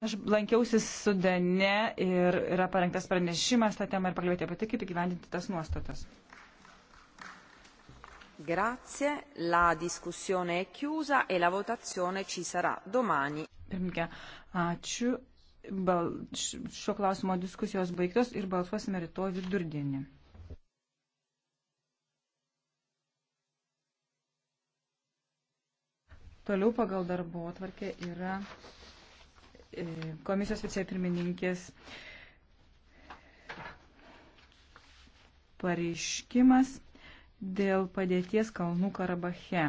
Aš lankiausi Sudane ir yra parengtas pranešimas tą temą ir pakalbėti apie tai, kaip įgyvendinti tas nuostatas. Grazie, la discussione è chiusa e la votazione ci sarà domani. Pirmininkė, ačiū. Bal, šio klausimo diskusijos baigtos ir balsuosime rytoj vidurdienį. Toliau pagal darbo atvarkė yra. E, komisijos vicepirmininkės pareiškimas dėl padėties Kalnų Karabache.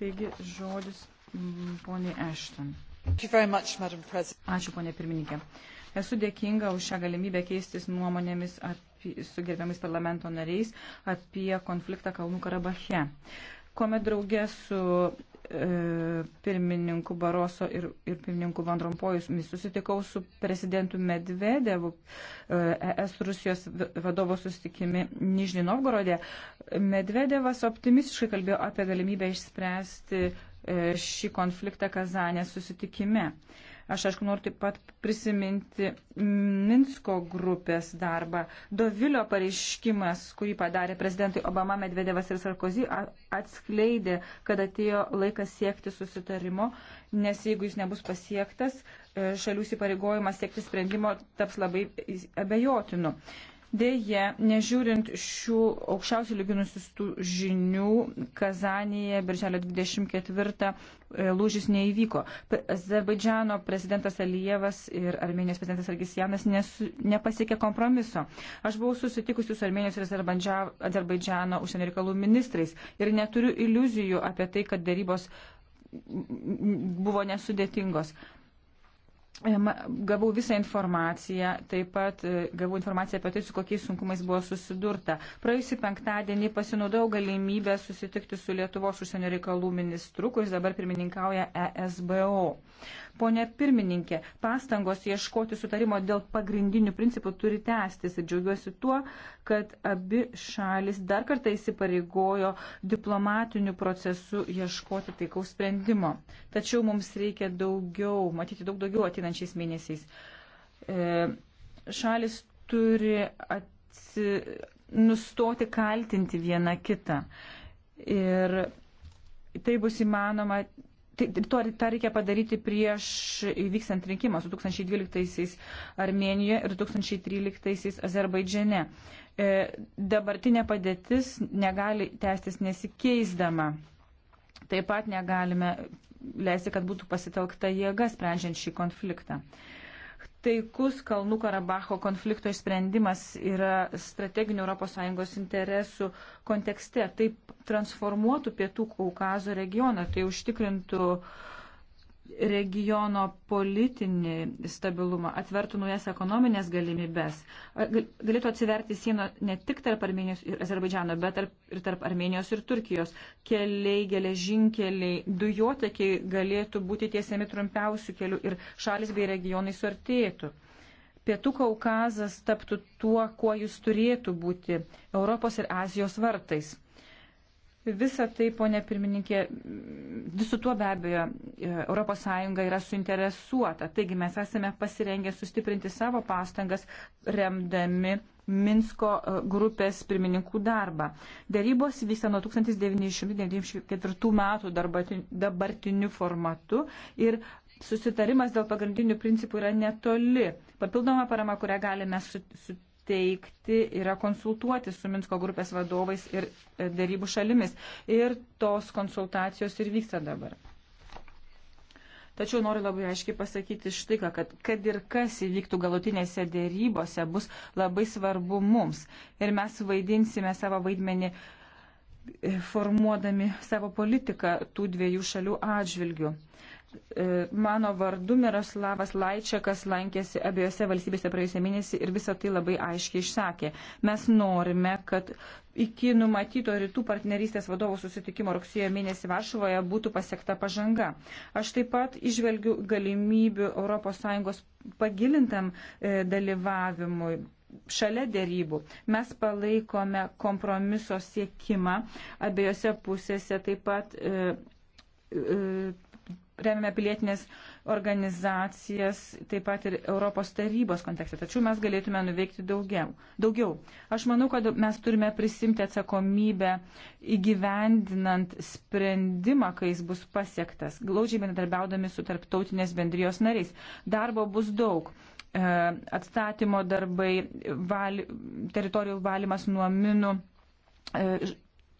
Taigi žodis mm, poniai Ashton. Ačiū, ponė pirmininkė. Esu dėkinga už šią galimybę keistis nuomonėmis apie, su gerbiamais parlamento nariais apie konfliktą Kalnų Karabache. Komet draugė su E, pirmininku Baroso ir, ir pirmininku Van Rompojus. Susitikau su prezidentu Medvedevu ES e Rusijos vadovo susitikimi Nižni Novgorodė. Medvedevas optimistiškai kalbėjo apie galimybę išspręsti e, šį konfliktą Kazanės susitikime. Uh, Aš, aišku, noriu taip pat prisiminti Minsko grupės darbą. Dovilio pareiškimas, kurį padarė prezidentai Obama, Medvedevas ir Sarkozy, atskleidė, kad atėjo laikas siekti susitarimo, nes jeigu jis nebus pasiektas, e, šalių įsipareigojimas siekti sprendimo taps labai abejotinu. Deja, nežiūrint šių aukščiausių lygių nusistų žinių, Kazanėje birželio 24 e, lūžis neįvyko. Azerbaidžiano prezidentas Alievas ir Armenijos prezidentas Argisjanas nepasiekė kompromiso. Aš buvau susitikusi su Armenijos ir Azerbaidžiano užsienio reikalų ministrais ir neturiu iliuzijų apie tai, kad darybos buvo nesudėtingos. E, gavau visą informaciją, taip pat e, gavau informaciją apie tai, su kokiais sunkumais buvo susidurta. Praėjusį penktadienį pasinaudojau galimybę susitikti su Lietuvos užsienio reikalų ministru, kuris dabar pirmininkauja ESBO. Pone pirmininkė, pastangos ieškoti sutarimo dėl pagrindinių principų turi tęstis ir džiaugiuosi tuo, kad abi šalis dar kartą įsipareigojo diplomatiniu procesu ieškoti taikaus sprendimo. Tačiau mums reikia daugiau, matyti daug daugiau ateinančiais mėnesiais. E, šalis turi atsi, nustoti kaltinti vieną kitą. Ir tai bus įmanoma Tai, tai to, tą reikia padaryti prieš įvyksant rinkimą su 2012 Armenijoje ir 2013 Azerbaidžiane. E, dabartinė padėtis negali tęstis nesikeisdama. Taip pat negalime leisti, kad būtų pasitelkta jėga sprendžiant šį konfliktą. E, taikus Kalnų Karabacho konflikto išsprendimas yra strateginių ES interesų kontekste. Taip transformuotų Pietų Kaukazo regioną, tai užtikrintų uh, regiono politinį stabilumą, atvertų naujas ekonominės galimybės, galėtų atsiverti sieno ne tik tarp Armenijos ir Azerbaidžiano, bet tarp, ir tarp Armenijos ir Turkijos. Keliai, geležinkeliai, dujotekiai galėtų būti tiesiami trumpiausių kelių ir šalis bei regionai suartėtų. Pietų Kaukazas taptų tuo, kuo jis turėtų būti - Europos ir Azijos vartais. Visą tai, ponė pirmininkė, visų tuo be abejo ES yra suinteresuota. Taigi mes esame pasirengę sustiprinti savo pastangas, remdami Minsko e, grupės pirmininkų darbą. Darybos vyksta nuo 1994 metų dabartiniu formatu ir susitarimas dėl pagrindinių principų yra netoli. Papildoma parama, kurią galime su, su, teikti yra konsultuoti su Minsko grupės vadovais ir e, darybų šalimis. Ir tos konsultacijos ir vyksta dabar. Tačiau noriu labai aiškiai pasakyti štai ką, kad kad ir kas įvyktų galutinėse dėrybose, bus labai svarbu mums. Ir mes vaidinsime savo vaidmenį e, formuodami savo politiką tų dviejų šalių atžvilgių. E, mano vardu Miroslavas Laičiakas lankėsi abiejose valstybėse praėjusią mėnesį ir visą tai labai aiškiai išsakė. Mes norime, kad iki numatyto rytų partnerystės vadovų susitikimo rugsėjo mėnesį Varšuvoje būtų pasiekta pažanga. Aš taip pat išvelgiu galimybių ES pagilintam e, dalyvavimui. Šalia dėrybų mes palaikome kompromiso siekimą abiejose pusėse taip pat. E, e, remiame pilietinės organizacijas, taip pat ir Europos tarybos kontekste. Tačiau mes galėtume nuveikti daugiau. daugiau. Aš manau, kad mes turime prisimti atsakomybę įgyvendinant sprendimą, kai jis bus pasiektas, glaudžiai bendradarbiaudami su tarptautinės bendrijos nariais. Darbo bus daug. E, atstatymo darbai, val, teritorijų valymas nuo minų e,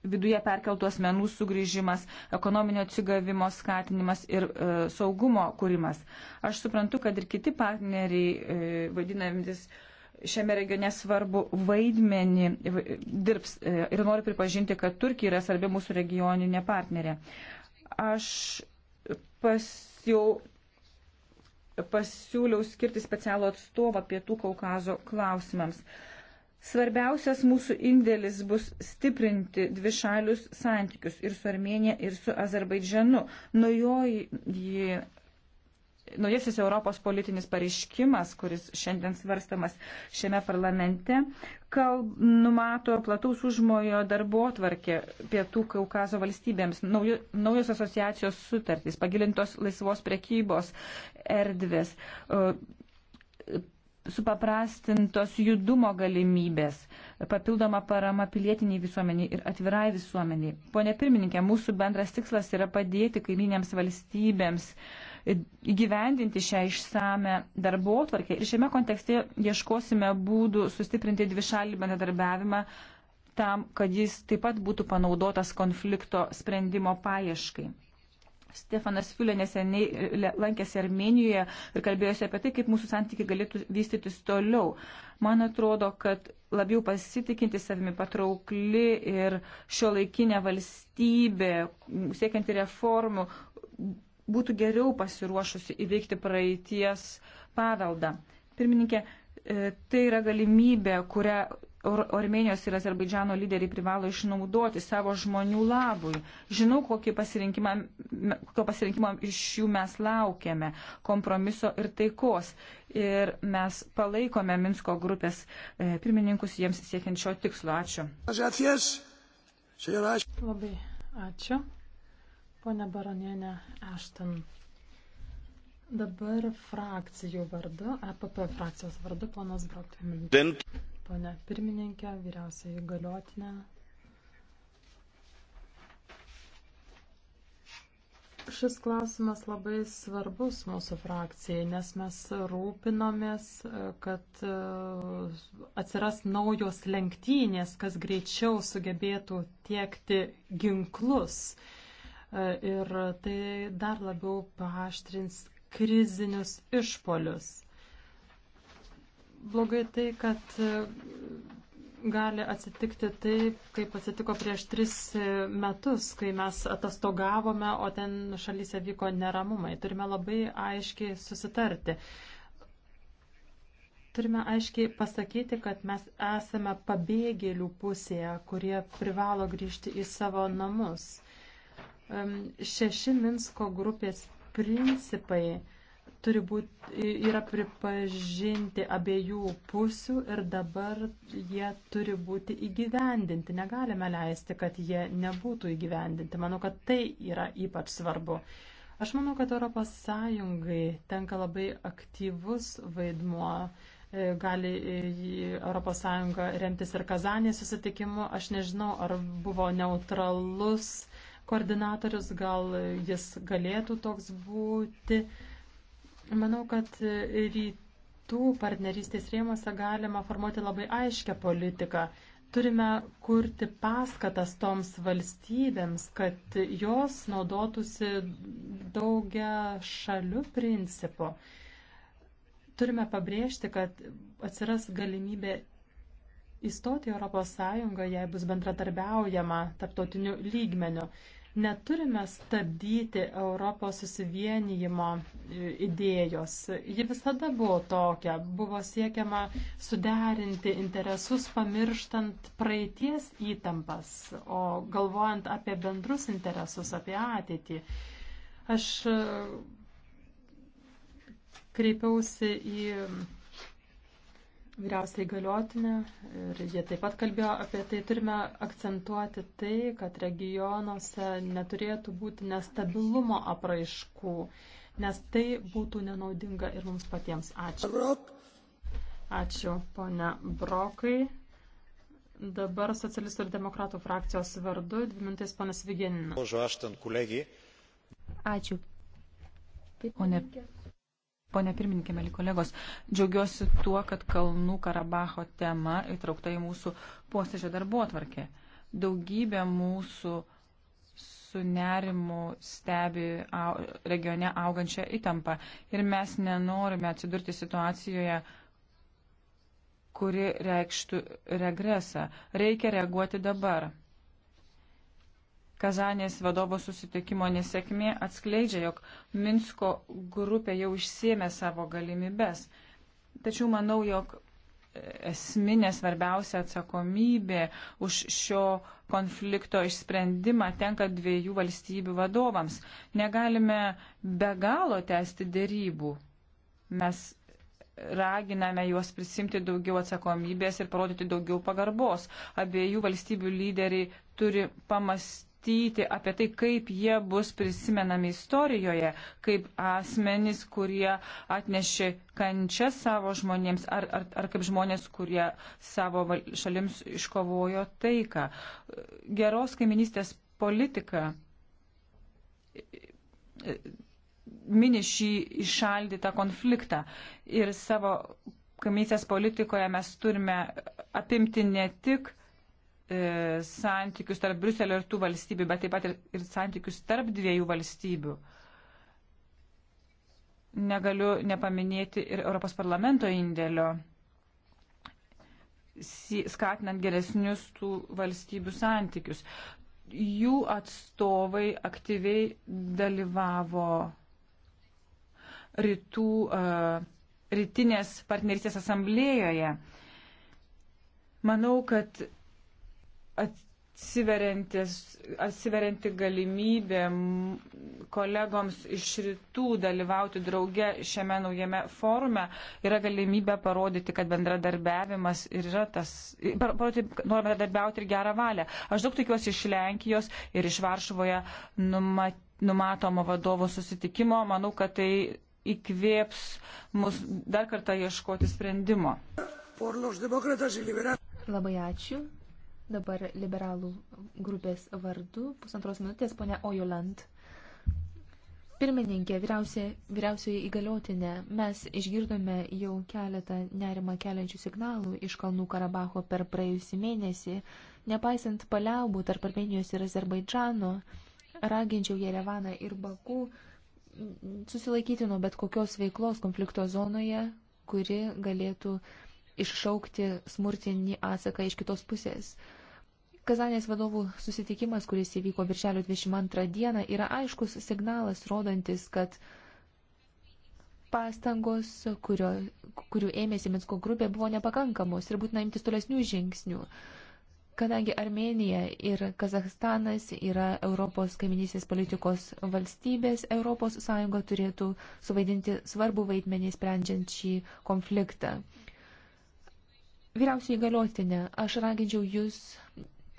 viduje perkeltų asmenų sugrįžimas, ekonominio atsigavimo skatinimas ir e, saugumo kūrimas. Aš suprantu, kad ir kiti partneriai, e, vadinantis šiame regione svarbu vaidmenį, e, dirbs e, ir noriu pripažinti, kad Turkija yra svarbi mūsų regioninė partnerė. Aš pas jau pasiūliau skirti specialų atstovą pietų Kaukazo klausimams. E, Svarbiausias mūsų indėlis bus stiprinti dvišalius santykius ir su Armenija, ir su Azerbaidžanu. Naujoji, naujasis Europos politinis pareiškimas, kuris šiandien svarstamas šiame parlamente, kalb, numato plataus užmojo darbo tvarkė pietų Kaukazo valstybėms, naujo, naujos asociacijos sutartys, pagilintos laisvos prekybos erdvės. Uh, supaprastintos judumo galimybės, papildoma parama pilietiniai visuomeniai ir atvirai visuomeniai. Pone pirmininkė, mūsų bendras tikslas yra padėti kaiminėms valstybėms įgyvendinti šią išsame darbo atvarkę. Ir šiame kontekste ieškosime būdų sustiprinti dvišalį bendradarbiavimą tam, kad jis taip pat būtų panaudotas konflikto sprendimo paieškai. Stefanas Fiulė neseniai e, lankėsi Armenijoje ir kalbėjosi apie tai, kaip mūsų santykiai galėtų vystytis toliau. Man atrodo, kad labiau pasitikinti savimi patraukli ir šio laikinė valstybė, siekianti reformų, būtų geriau pasiruošusi įveikti praeities paveldą. Pirmininkė, E, tai yra galimybė, kurią Armenijos ir Azerbaidžiano lyderiai privalo išnaudoti savo žmonių labui. Žinau, kokį pasirinkimą, kokio pasirinkimo iš jų mes laukiame - kompromiso ir taikos. Ir mes palaikome Minsko grupės e, pirmininkus jiems siekiant šio tikslo. Ačiū. Labai ačiū. Pone Baronienė Aštan. Dabar frakcijų vardu, EPP frakcijos vardu, ponas Broktvim. Pone pirmininkė, vyriausiai galiotinė. Šis klausimas labai svarbus mūsų frakcijai, nes mes rūpinomės, kad e, atsiras naujos lenktynės, kas greičiau sugebėtų tiekti ginklus. E, ir tai dar labiau paaštrins krizinius išpolius. Blogai tai, kad e, gali atsitikti taip, kaip atsitiko prieš tris e, metus, kai mes atostogavome, o ten šalyse vyko neramumai. Turime labai aiškiai susitarti turime aiškiai pasakyti, kad mes esame pabėgėlių pusėje, kurie privalo grįžti į savo namus. Šeši Minsko grupės principai turi būti, yra pripažinti abiejų pusių ir dabar jie turi būti įgyvendinti. Negalime leisti, kad jie nebūtų įgyvendinti. Manau, kad tai yra ypač svarbu. Aš manau, kad ES tenka labai aktyvus vaidmuo. E, gali ES remtis ir Kazanės susitikimu. Aš nežinau, ar buvo neutralus koordinatorius, gal jis galėtų toks būti. Manau, kad rytų partnerystės rėmose galima formuoti labai aiškę politiką. Turime kurti paskatas toms valstybėms, kad jos naudotųsi daugia šalių principu turime pabrėžti, kad atsiras galimybė įstoti į Europos Sąjungą, jei bus bendradarbiaujama tarptautiniu lygmeniu. Neturime stabdyti Europos susivienijimo idėjos. Ji visada buvo tokia. Buvo siekiama suderinti interesus, pamirštant praeities įtampas, o galvojant apie bendrus interesus, apie ateitį. Aš kreipiausi į vyriausiai galiotinė ir jie taip pat kalbėjo apie tai, turime akcentuoti tai, kad regionuose neturėtų būti nestabilumo apraiškų, nes tai būtų nenaudinga ir mums patiems. Ačiū. Ačiū, ponia Brokai. Dabar socialistų ir demokratų frakcijos vardu, dvi minutės ponas Vigeninas. Ačiū. Pone Pone pirmininkė, mėly kolegos, džiaugiuosi tuo, kad Kalnų Karabaho tema įtraukta į mūsų posėdžio darbo atvarkę. Daugybė mūsų su nerimu stebi regione augančią įtampą ir mes nenorime atsidurti situacijoje, kuri reikštų regresą. Reikia reaguoti dabar. Kazanės vadovo susitikimo nesėkmė atskleidžia, jog Minsko grupė jau išsėmė savo galimybes. Tačiau manau, jog esminė svarbiausia atsakomybė už šio konflikto išsprendimą tenka dviejų valstybių vadovams. Negalime be galo tęsti dėrybų. Mes raginame juos prisimti daugiau atsakomybės ir parodyti daugiau pagarbos. Abiejų valstybių lyderiai turi pamastyti mąstyti apie tai, kaip jie bus prisimenami istorijoje, kaip asmenys, kurie atnešė kančią savo žmonėms, ar, ar, ar kaip žmonės, kurie savo šalims iškovojo taiką. Geros kaiminystės politika mini šį išaldytą konfliktą ir savo komisijos politikoje mes turime apimti ne tik uh, e, santykius tarp Bruselio ir tų valstybių, bet taip pat ir, ir santykius tarp dviejų valstybių. Negaliu nepaminėti ir Europos parlamento indėlio, skatinant geresnius tų valstybių santykius. Jų atstovai aktyviai dalyvavo rytų, uh, rytinės partnerystės asamblėjoje. Manau, kad atsiverianti galimybė kolegoms iš rytų dalyvauti drauge šiame naujame forume yra galimybė parodyti, kad bendradarbiavimas ir yra tas, parodyti, norime bendradarbiauti ir gerą valią. Aš daug tikiuosi iš Lenkijos ir iš Varšuvoje numatomo vadovo susitikimo. Manau, kad tai įkvėps mus dar kartą ieškoti sprendimo. Labai ačiū. Dabar liberalų grupės vardu pusantros minutės ponia Ojoland. Pirmininkė, vyriausia, vyriausioji įgaliotinė, mes išgirdome jau keletą nerimą keliančių signalų iš Kalnų Karabaho per praėjusį mėnesį. Nepaisant paliaubų tarp Armenijos ir Azerbaidžano, raginčiau Jerevaną ir Baku susilaikyti nuo bet kokios veiklos konflikto zonoje, kuri galėtų iššaukti smurtinį atsaką iš kitos pusės. Kazanės vadovų susitikimas, kuris įvyko birželio 22 dieną, yra aiškus signalas rodantis, kad pastangos, kurio, kurių ėmėsi Minsko grupė, buvo nepakankamos ir būtina imtis tolesnių žingsnių. Kadangi Armenija ir Kazahstanas yra Europos kaiminysės politikos valstybės, ES turėtų suvaidinti svarbų vaidmenį sprendžiant šį konfliktą. Vyriausiai įgaliotinė, aš raginčiau jūs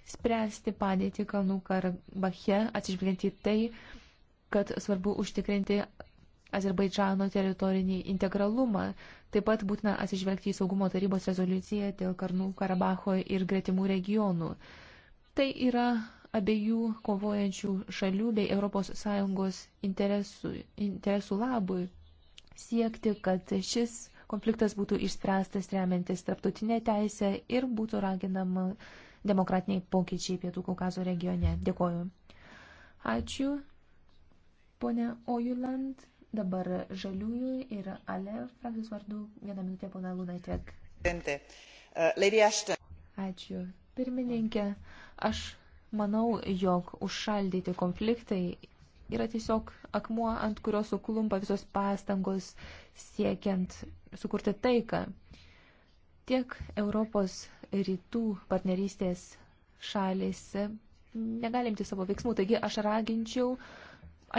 spręsti padėtį Kalnų Karabache, atsižvelgiant į tai, kad svarbu užtikrinti Azerbaidžano teritorinį integralumą. Taip pat būtina atsižvelgti į saugumo tarybos rezoliuciją dėl Karnų Karabaho ir gretimų regionų. Tai yra abiejų kovojančių šalių bei ES interesų, interesų labui siekti, kad šis konfliktas būtų išspręstas remiantis tarptautinė teisė ir būtų raginama demokratiniai pokyčiai Pietų Kaukazo regione. Dėkoju. Ačiū, ponė Ojuland. Dabar žaliųjų ir Ale frakcijos vardu vieną minutę pona Lunatek. E, Ačiū. Pirmininkė, aš manau, jog užšaldyti konfliktai yra tiesiog akmuo, ant kurio suklumpa visos pastangos siekiant sukurti taiką. Uh, Tiek Europos rytų partnerystės šalis negalimti savo veiksmų. Taigi aš raginčiau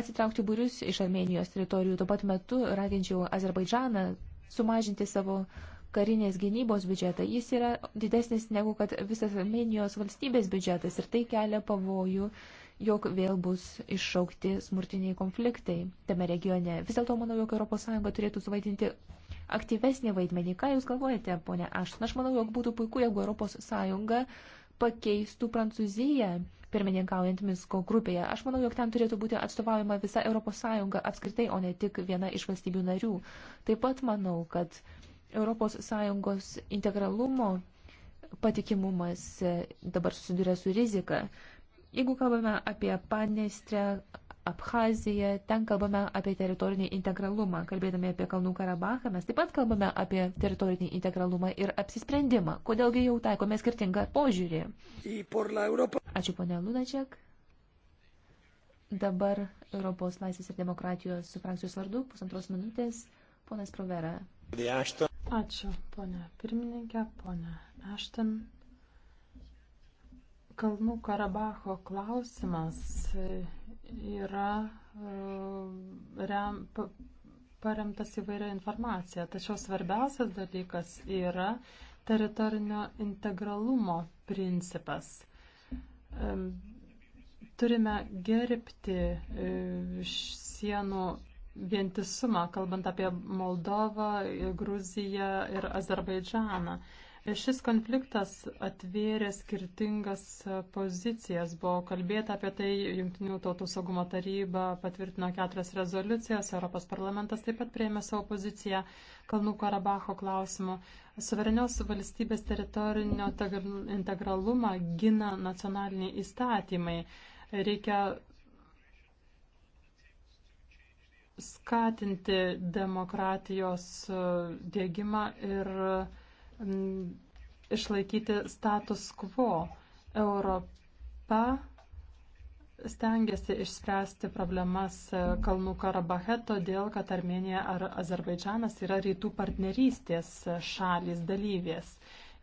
atsitraukti būrius iš Armenijos teritorijų. Tuo pat metu raginčiau Azerbaidžaną sumažinti savo karinės gynybos biudžetą. Jis yra didesnis negu kad visas Armenijos valstybės biudžetas ir tai kelia pavojų jog vėl bus iššaukti smurtiniai konfliktai tame regione. Vis dėlto manau, jog ES turėtų suvaidinti aktyvesnį vaidmenį. Ką Jūs galvojate, ponė Ašton? Aš manau, jog būtų puiku, jeigu ES pakeistų Prancūziją pirmininkaujant Minsko grupėje. Aš manau, jog ten turėtų būti atstovaujama visa ES apskritai, o ne tik viena iš valstybių narių. Taip pat manau, kad ES integralumo patikimumas e, dabar susiduria su rizika. Jeigu kalbame apie Padnestrę, Abhaziją, ten kalbame apie teritorinį integralumą. Kalbėdami apie Kalnų Karabachą, mes taip pat kalbame apie teritorinį integralumą ir apsisprendimą. Kodėlgi jau taikome skirtingą požiūrį? Ačiū, ponė Lunačiak. Dabar Europos laisvės ir demokratijos frakcijos vardu pusantros minutės, ponas Provera. Ačiū, ponė pirmininkė, ponė Ashton. Kalnų Karabacho klausimas yra e, rem, paremtas įvairia informacija. Tačiau svarbiausias dalykas yra teritorinio integralumo principas. E, turime gerbti e, sienų vientisumą, kalbant apie Moldovą, Gruziją ir Azerbaidžaną. Šis konfliktas atvėrė skirtingas pozicijas. Buvo kalbėta apie tai, Junktinių tautų saugumo taryba patvirtino keturias rezoliucijas, Europos parlamentas taip pat prieėmė savo poziciją Kalnų Karabacho klausimu. Suverenios valstybės teritorinio integralumą gina nacionaliniai įstatymai. Reikia skatinti demokratijos dėgymą ir uh, išlaikyti status quo. Europa stengiasi išspręsti problemas e, Kalnų Karabache, todėl kad Armenija ar Azerbaidžanas yra rytų partnerystės šalys dalyvės.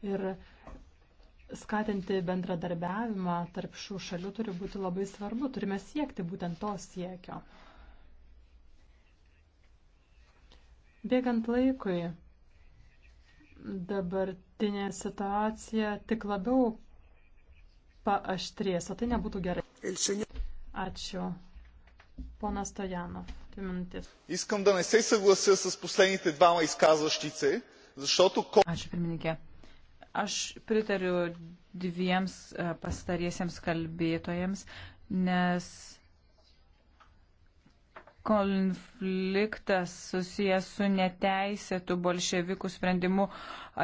Ir skatinti bendradarbiavimą tarp šių šalių turi būti labai svarbu. Turime siekti būtent to siekio. Bėgant laikui, dabartinė situacija tik labiau paaštrės, o tai nebūtų gerai. Ačiū. Пона Стоянов, две минути. Искам да не се съглася с последните двама изказващи се, защото... Ačiū, pirmininkė. Aš pritariu dviems pastariesiems kalbėtojams, nes konfliktas susijęs su neteisėtų bolševikų sprendimu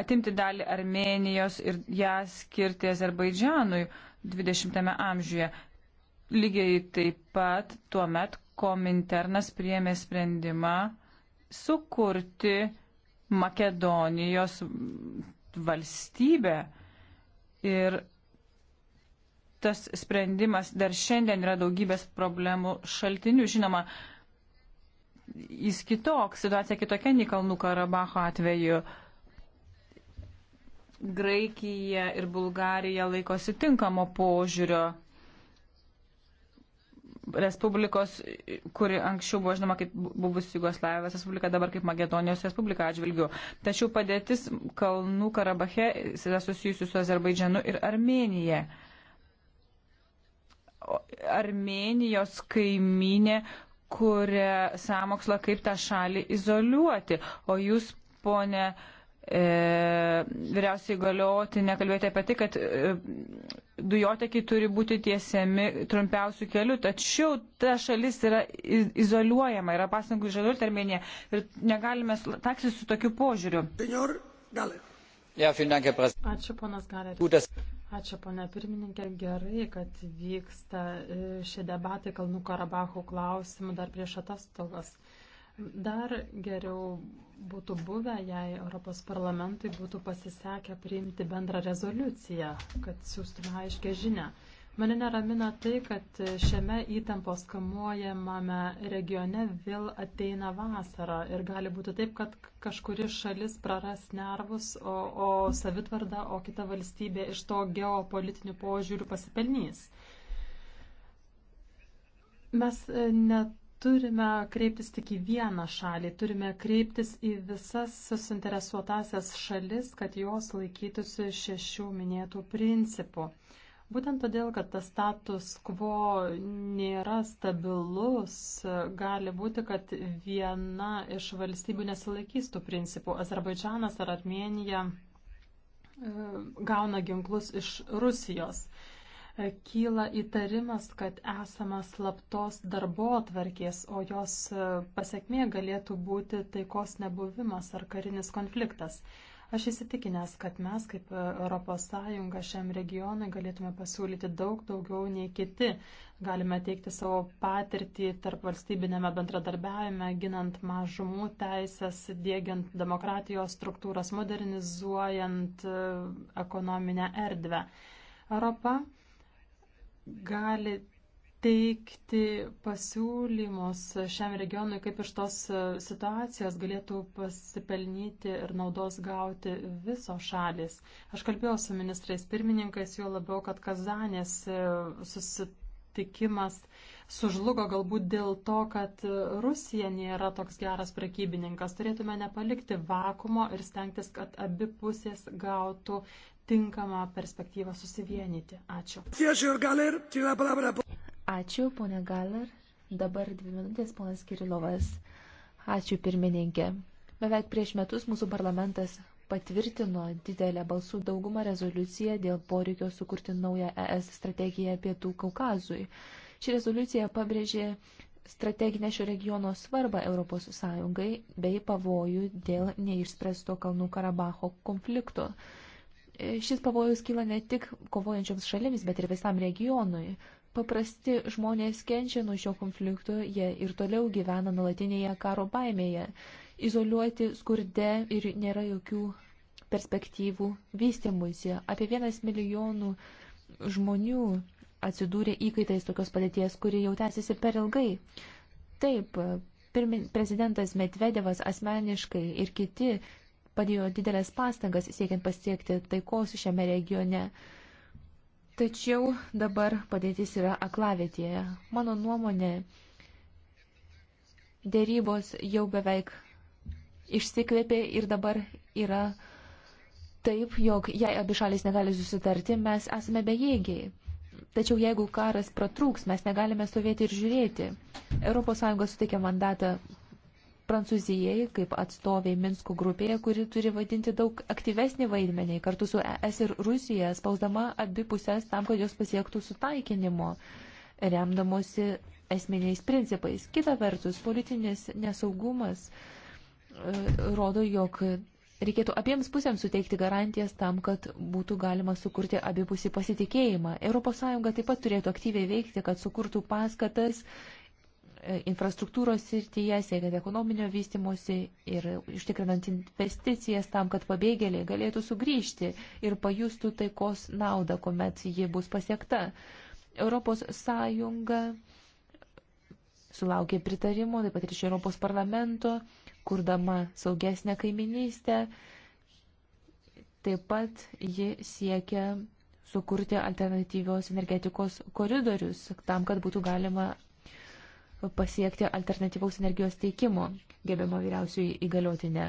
atimti dalį Armenijos ir ją skirti Azerbaidžianui 20-ame amžiuje. Lygiai taip pat tuo met Kominternas priėmė sprendimą sukurti Makedonijos valstybę ir tas sprendimas dar šiandien yra daugybės problemų šaltinių. Žinoma, uh, jis kitoks, situacija kitokia nei Kalnų Karabacho atveju. Graikija ir Bulgarija laikosi tinkamo požiūrio. Respublikos, kuri anksčiau buvo žinoma kaip buvusi Jugoslavijos Respublika, dabar kaip Makedonijos Respublika atžvilgiu. Tačiau padėtis Kalnų Karabache yra susijusi su Azerbaidžianu ir Armenija. Armenijos kaiminė, kuria sąmokslą, kaip tą šalį izoliuoti. O jūs, ponė, e, vyriausiai galioti, nekalbėti apie tai, kad e, dujotekiai turi būti tiesiami trumpiausių kelių, tačiau ta šalis yra izoliuojama, yra pasangų izoliuoti Armeniją ir negalime taksyti su tokiu požiūriu. Senor, Ačiū, ponas Galeris. Ačiū, ponia pirmininkė. Gerai, kad vyksta e, šie debatai Kalnų Karabachų klausimų dar prieš atostogas. Dar geriau būtų buvę, jei Europos parlamentui būtų pasisekę priimti bendrą rezoliuciją, kad siūstume aiškę žinę. Mane neramina tai, kad šiame įtampos kamuojamame regione vėl ateina vasara ir gali būti taip, kad kažkuri šalis praras nervus, o, o savitvarda, o kita valstybė iš to geopolitinių požiūrių pasipelnys. Mes e, neturime kreiptis tik į vieną šalį, turime kreiptis į visas susinteresuotasias šalis, kad jos laikytųsi šešių minėtų principų. Būtent todėl, kad tas status quo nėra stabilus, gali būti, kad viena iš valstybių nesilaikys tų principų. Azerbaidžanas ar Armenija e, gauna ginklus iš Rusijos. E, kyla įtarimas, kad esama slaptos darbo atvarkės, o jos e, pasiekmė galėtų būti taikos nebuvimas ar karinis konfliktas. Aš įsitikinęs, kad mes kaip ES šiam regionui galėtume pasiūlyti daug daugiau nei kiti. Galime teikti savo patirtį tarp valstybinėme bendradarbiavime, ginant mažumų teisės, dėgiant demokratijos struktūras, modernizuojant e, ekonominę erdvę. Europa gali teikti pasiūlymus šiam regionui, kaip iš tos situacijos galėtų pasipelnyti ir naudos gauti visos šalis. Aš kalbėjau su ministrais pirmininkais, jo labiau, kad Kazanės e, susitikimas sužlugo galbūt dėl to, kad Rusija nėra toks geras prekybininkas. Turėtume nepalikti vakumo ir stengtis, kad abi pusės gautų tinkamą perspektyvą susivienyti. Ačiū. Ačiū, ponė Galer. Dabar dvi minutės, ponas Kirilovas. Ačiū, pirmininkė. Beveik prieš metus mūsų parlamentas patvirtino didelę balsų daugumą rezoliuciją dėl poreikio sukurti naują ES strategiją Pietų Kaukazui. Ši rezoliucija pabrėžė strateginę šio regiono svarbą ES bei pavojų dėl neišspręsto Kalnų Karabaho konflikto. Šis pavojus kyla ne tik kovojančioms šalims, bet ir visam regionui. Paprasti žmonės kenčia nuo šio konflikto, jie ir toliau gyvena nuolatinėje karo baimėje, izoliuoti skurde ir nėra jokių perspektyvų vystimuisi. Apie vienas milijonų žmonių atsidūrė įkaitais tokios padėties, kuri jau tęsiasi per ilgai. Taip, pirmin, prezidentas Medvedevas asmeniškai ir kiti padėjo didelės pastangas siekiant pasiekti taikos šiame regione. Tačiau dabar padėtis yra aklavietėje. Mano nuomonė, dėrybos jau beveik išsikvėpė ir dabar yra taip, jog jei abi šalis negali susitarti, mes esame bejėgiai. Tačiau jeigu karas pratrūks, mes negalime stovėti ir žiūrėti. ES suteikia mandatą Prancūzijai kaip atstoviai Minsko grupėje, kuri turi vadinti daug aktyvesnį vaidmenį kartu su ES ir Rusija, spausdama abipusės tam, kad jos pasiektų sutaikinimo, remdamosi esminiais principais. Kita vertus, politinis nesaugumas e, rodo, jog reikėtų abiems pusėms suteikti garantijas tam, kad būtų galima sukurti abipusį pasitikėjimą. ES taip pat turėtų aktyviai veikti, kad sukurtų paskatas E, infrastruktūros srityje, siekiant ekonominio vystimosi ir užtikrinant investicijas tam, kad pabėgėliai galėtų sugrįžti ir pajustų taikos naudą, kuomet ji bus pasiekta. Europos Sąjunga sulaukė pritarimo, taip pat ir iš Europos parlamento, kurdama saugesnę kaiminystę. Taip pat ji siekia sukurti alternatyvios energetikos koridorius, tam, kad būtų galima pasiekti alternatyvaus energijos teikimo, gerbiamo vyriausiųjų įgaliotinė.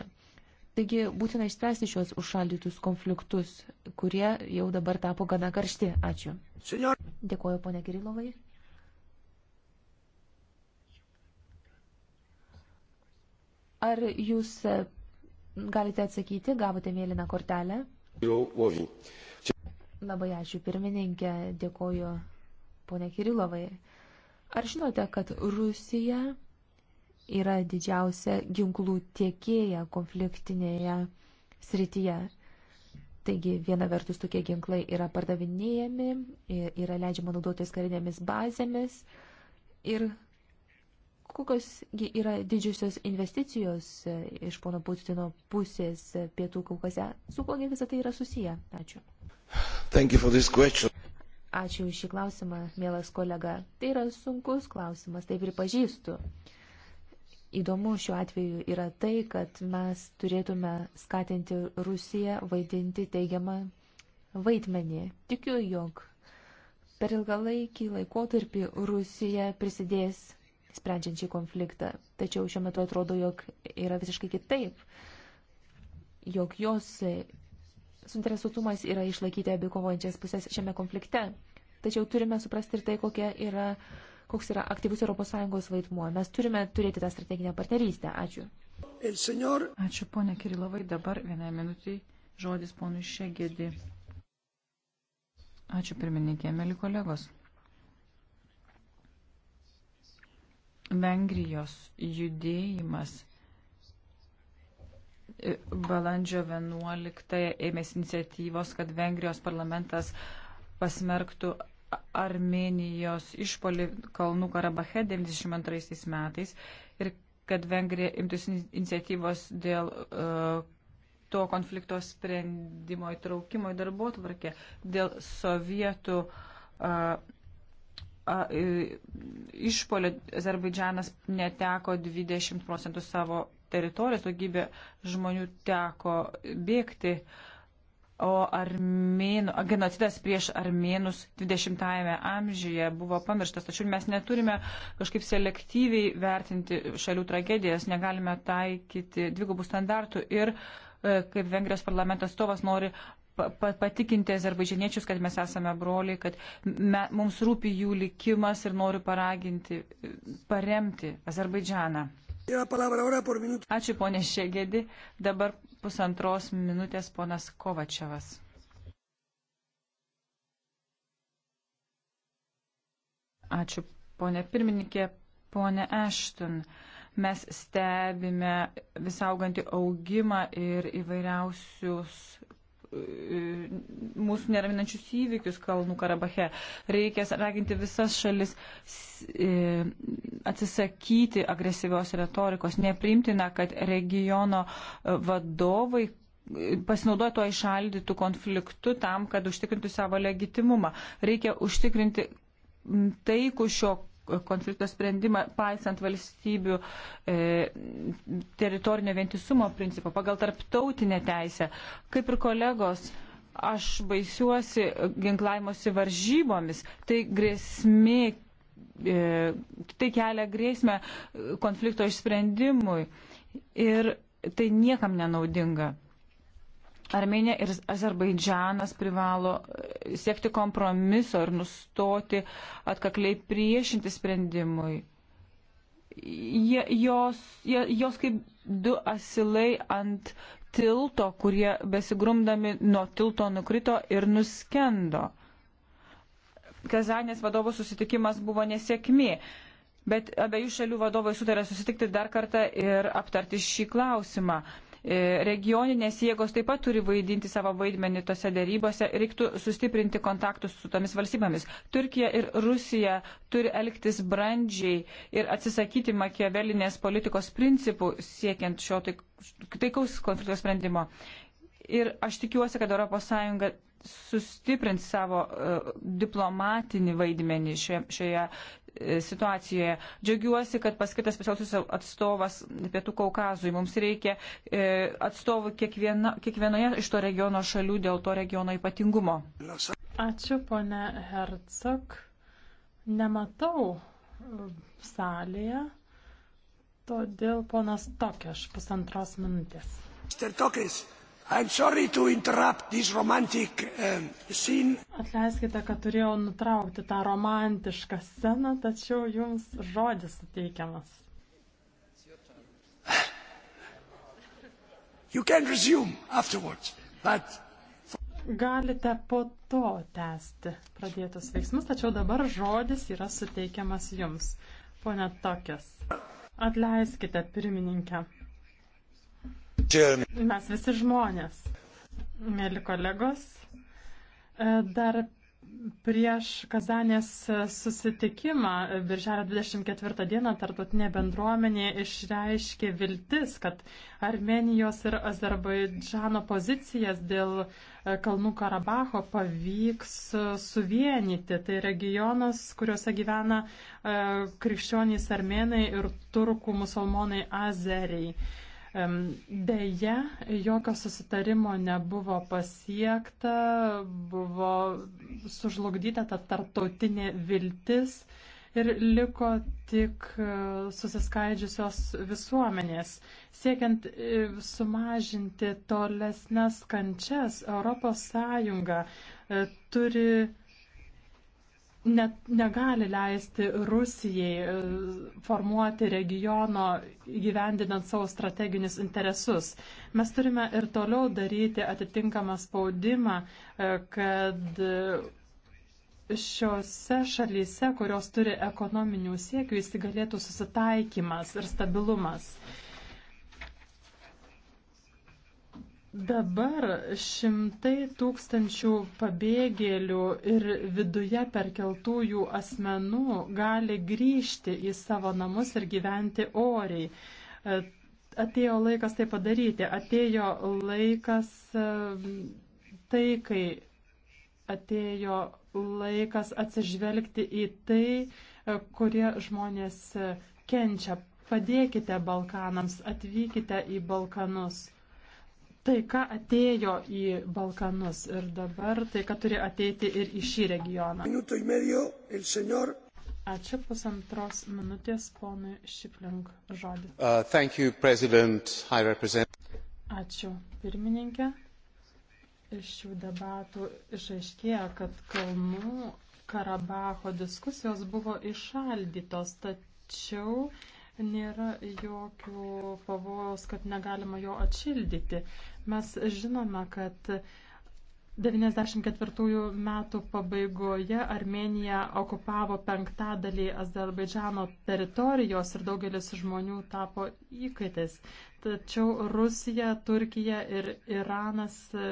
Taigi būtina išspręsti šios užšaldytus konfliktus, kurie jau dabar tapo gana karšti. Ačiū. Senior. Dėkuoju, ponė Kirilovai. Ar jūs e, galite atsakyti, gavote mėlyną kortelę? Labai ačiū pirmininkė, dėkoju ponė Kirilovai. Ar žinote, kad Rusija yra didžiausia ginklų tiekėja konfliktinėje srityje? Taigi viena vertus tokie ginklai yra pardavinėjami, yra leidžiama naudotis karinėmis bazėmis ir kokios yra didžiosios investicijos e, iš pono Putino pusės e, pietų Kaukaze, su kokia visą tai yra susiję. Ačiū. Ačiū šį klausimą, mielas kolega. Tai yra sunkus klausimas, tai pripažįstu. Įdomu šiuo atveju yra tai, kad mes turėtume skatinti Rusiją vaidinti teigiamą vaidmenį. Tikiu, jog per ilgalaikį laikotarpį Rusija prisidės sprendžiant šį konfliktą. Tačiau šiuo metu atrodo, jog yra visiškai kitaip, jog jos suinteresuotumas yra išlaikyti abi kovojančias pusės šiame konflikte. Tačiau turime suprasti ir tai, kokia yra, koks yra aktyvus ES vaidmuo. Mes turime turėti tą strateginę partnerystę. Ačiū. Senor... Ačiū, ponė Kirilovai. Dabar vienai minutiai žodis ponui Šegėdi. Ačiū, pirmininkė, mėly kolegos. Vengrijos judėjimas e, balandžio 11 ėmėsi iniciatyvos, kad Vengrijos parlamentas pasmerktų Armenijos išpolį Kalnų Karabache 92 metais ir kad Vengrija imtųsi iniciatyvos dėl uh, to konflikto sprendimo įtraukimo į darbo tvarkę, dėl sovietų uh, uh, išpolio Azerbaidžianas neteko 20 procentų savo teritorijos, daugybė žmonių teko bėgti. Uh, O armėnų, genocidas prieš armėnus 20-ame amžiuje buvo pamirštas, tačiau mes neturime kažkaip selektyviai vertinti šalių tragedijas, negalime taikyti dvigubų standartų ir, e, kaip Vengrijos parlamento atstovas nori patikinti azerbaidžianiečius, kad mes esame broliai, kad me, mums rūpi jų likimas ir noriu paraginti, paremti Azerbaidžianą. Ačiū ponė Šegedi. Dabar pusantros minutės ponas Kovačiavas. Ačiū ponė pirmininkė, ponė Ashton. Mes stebime visaugantį augimą ir įvairiausius E, mūsų neraminančius įvykius Kalnų Karabache. Reikia raginti visas šalis e, atsisakyti agresyvios retorikos. Nepriimtina, kad regiono vadovai pasinaudoja tuo išaldytų konfliktu tam, kad užtikrintų savo legitimumą. Reikia užtikrinti taikų šio konflikto sprendimą, paisant valstybių e, teritorinio vientisumo principo, pagal tarptautinę teisę. Kaip ir kolegos, aš baisiuosi ginklaimosi varžybomis. Tai grėsmė, e, tai kelia grėsmę konflikto išsprendimui ir tai niekam nenaudinga. Armenija ir Azerbaidžanas privalo e, siekti kompromiso ir nustoti atkakliai priešinti sprendimui. Jie, jos, jie, jos kaip du asilai ant tilto, kurie besigrumdami nuo tilto nukrito ir nuskendo. Kazanės vadovų susitikimas buvo nesėkmė, bet abiejų šalių vadovai sutarė susitikti dar kartą ir aptarti šį klausimą. E, regioninės jėgos taip pat turi vaidinti savo vaidmenį tose dėrybose, reiktų sustiprinti kontaktus su tomis valstybėmis. Turkija ir Rusija turi elgtis brandžiai ir atsisakyti makievelinės politikos principų siekiant šio taikaus konflikto sprendimo. Ir aš tikiuosi, kad ES sustiprins savo uh, diplomatinį vaidmenį šioje, šioje situacijoje. Džiaugiuosi, kad paskirtas specialusis atstovas Pietų Kaukazui. Mums reikia e, atstovų kiekviena, kiekvienoje iš to regiono šalių dėl to regiono ypatingumo. Ačiū, ponė Hercog. Nematau e, salėje, todėl ponas Tokeš pusantros minutės. Mr. Tokeš. Um, atleiskite, kad turėjau nutraukti tą romantišką sceną, tačiau jums žodis suteikiamas. But... Galite po to tęsti pradėtus veiksmus, tačiau dabar žodis yra suteikiamas jums. Pone Tokias, atleiskite pirmininkę. Mes visi žmonės, mėly kolegos. E, dar prieš Kazanės susitikimą e, birželio 24 dieną tarptautinė bendruomenė išreiškė viltis, kad Armenijos ir Azerbaidžano pozicijas dėl e, Kalnų Karabaho pavyks suvienyti. Tai regionas, kuriuose gyvena krikščionys armenai ir turkų musulmonai azeriai. Deja, jokio susitarimo nebuvo pasiekta, buvo sužlugdyta ta tartautinė viltis ir liko tik e, susiskaidžiusios visuomenės. Siekiant e, sumažinti tolesnes kančias, ES e, turi net negali leisti Rusijai e, formuoti regiono įgyvendinant savo strateginius interesus. Mes turime ir toliau daryti atitinkamą spaudimą, e, kad e, šiuose šalyse, kurios turi ekonominių siekių, įsigalėtų susitaikymas ir stabilumas. Dabar šimtai tūkstančių pabėgėlių ir viduje perkeltųjų asmenų gali grįžti į savo namus ir gyventi oriai. E, atėjo laikas tai padaryti, atėjo laikas e, taikai, atėjo laikas atsižvelgti į tai, e, kurie žmonės kenčia. Padėkite Balkanams, atvykite į Balkanus taika atėjo į Balkanus ir dabar taika turi ateiti ir į šį regioną. Ačiū pusantros minutės ponui Šiplink žodį. Uh, you, Ačiū pirmininkė. Iš šių debatų išaiškėja, kad Kalnų Karabaho diskusijos buvo išaldytos, tačiau nėra jokių pavojaus, kad negalima jo atšildyti. Mes žinome, kad 1994 metų pabaigoje Armenija okupavo penktadalį Azerbaidžano teritorijos ir daugelis žmonių tapo įkaitais. Tačiau Rusija, Turkija ir Iranas e,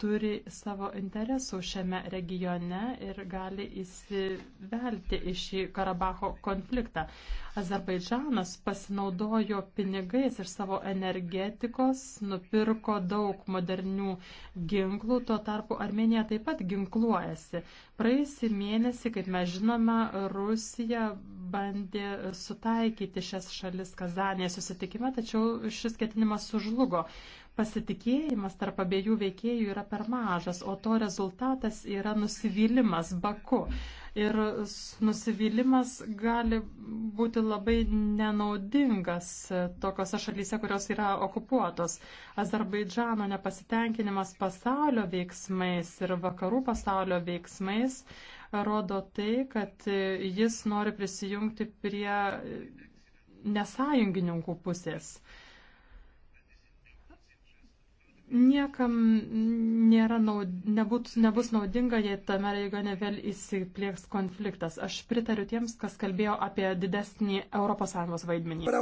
turi savo interesų šiame regione ir gali įsivelti į šį Karabaho konfliktą. Azerbaidžanas pasinaudojo pinigais iš savo energetikos, nupirko daug modernių ginklų, tuo tarpu Armenija taip pat ginkluojasi. Praėjusį mėnesį, kaip mes žinome, Rusija bandė sutaikyti šias šalis Kazanėje susitikime, tačiau šis šis ketinimas sužlugo. Pasitikėjimas tarp abiejų veikėjų yra per mažas, o to rezultatas yra nusivylimas baku. Ir nusivylimas gali būti labai nenaudingas e, tokiose šalyse, kurios yra okupuotos. Azerbaidžano nepasitenkinimas pasaulio veiksmais ir vakarų pasaulio veiksmais rodo tai, kad e, jis nori prisijungti prie e, nesąjungininkų pusės niekam nėra naud, nebūt, nebus naudinga, jei tame regione vėl įsiplieks konfliktas. Aš pritariu tiems, kas kalbėjo apie didesnį ES vaidmenį.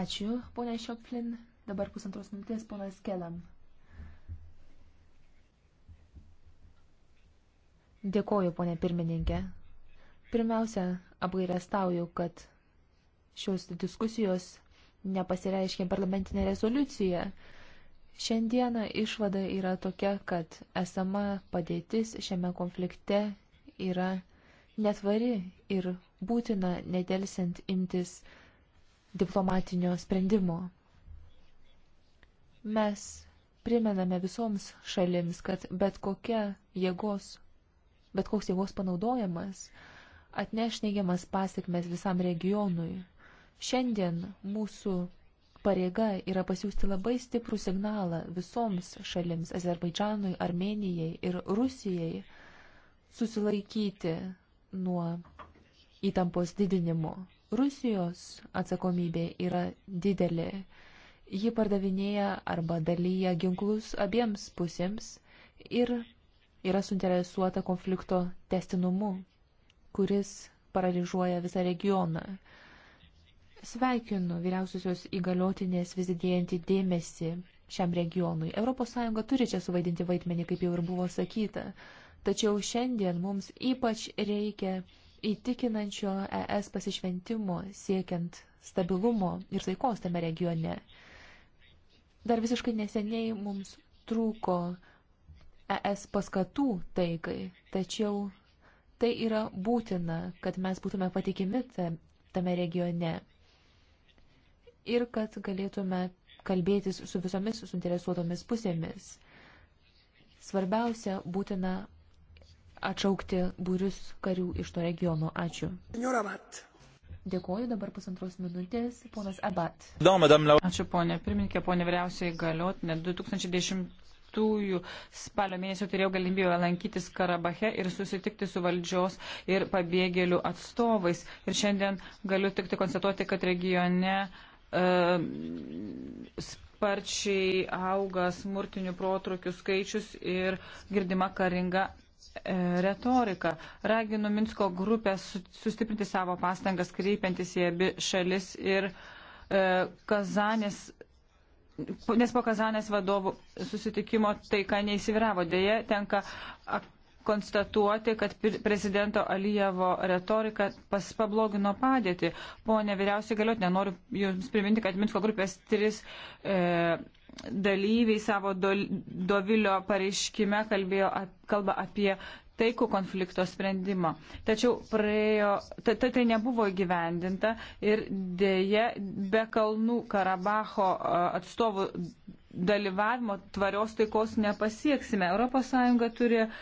Ačiū, ponia Šioplin. Dabar pusantros minutės, ponas Kelam. Dėkoju, ponia pirmininkė. Pirmiausia, apgailestauju, kad šios diskusijos nepasireiškė parlamentinė rezoliucija. Šiandieną išvada yra tokia, kad esama padėtis šiame konflikte yra netvari ir būtina nedelsiant imtis diplomatinio sprendimo. Mes primename visoms šalims, kad bet kokia jėgos, bet koks jėgos panaudojimas atneš neigiamas pasiekmes visam regionui. Šiandien mūsų pareiga yra pasiūsti labai stiprų signalą visoms šalims - Azerbaidžanui, Armenijai ir Rusijai - susilaikyti nuo įtampos didinimo. Rusijos atsakomybė yra didelė. Ji pardavinėja arba dalyja ginklus abiems pusėms ir yra suinteresuota konflikto testinumu, kuris paralyžiuoja visą regioną. Sveikinu vyriausiosios įgaliotinės vis didėjantį dėmesį šiam regionui. ES turi čia suvaidinti vaidmenį, kaip jau ir buvo sakyta. Tačiau šiandien mums ypač reikia įtikinančio ES pasišventimo siekiant stabilumo ir taikos tame regione. Dar visiškai neseniai mums trūko ES paskatų taikai, tačiau tai yra būtina, kad mes būtume patikimi tame regione ir kad galėtume kalbėtis su visomis suinteresuotomis pusėmis. Svarbiausia būtina atšaukti būrius karių iš to regiono. Ačiū. Dėkuoju dabar pusantros minutės, ponas Abat. Ačiū ponė pirmininkė, ponė vyriausiai galiotinė. 2010 spalio mėnesio turėjau galimybę lankytis Karabache ir susitikti su valdžios ir pabėgėlių atstovais. Ir šiandien galiu tik tai konstatuoti, kad regione uh, sparčiai auga smurtinių protrukių skaičius ir girdima karinga e, retorika. Raginu Minsko grupę sustiprinti savo pastangas, kreipiantis į abi šalis ir e, Kazanės nes po Kazanės vadovų susitikimo taika neįsiviravo. Deja, tenka konstatuoti, kad prezidento Alijevo retorika pablogino padėtį. Pone vyriausiai galiotinė, noriu Jums priminti, kad Minsko grupės tris e, dalyviai savo do, Dovilio pareiškime kalbėjo, kalba apie taikų konflikto sprendimą. Tačiau praėjo, ta, ta, tai nebuvo įgyvendinta ir dėje be kalnų Karabaho atstovų dalyvavimo tvarios taikos nepasieksime. ES turi uh,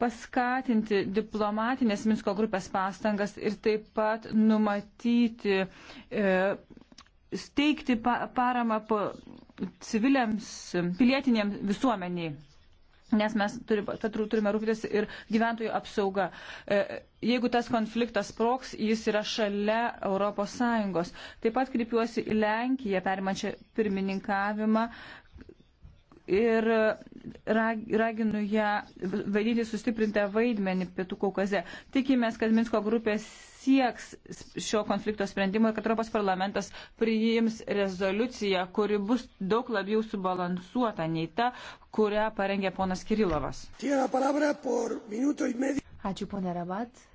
paskatinti diplomatinės Minsko grupės pastangas ir taip pat numatyti, e, steigti pa, paramą pa, civiliams, pilietiniam visuomeniai. Nes mes turime, turime rūpintis ir gyventojų apsauga. E, jeigu tas konfliktas proks, jis yra šalia ES. Taip pat kreipiuosi į Lenkiją, perimančią pirmininkavimą, ir raginu ją vaidyti sustiprintą vaidmenį Pietų Kaukaze. Tikimės, kad Minsko grupės sieks šio konflikto sprendimo ir kad Europos parlamentas priims rezoliuciją, kuri bus daug labiau subalansuota nei ta, kurią parengė ponas Kirilovas. Ačiū, ponė Rabat.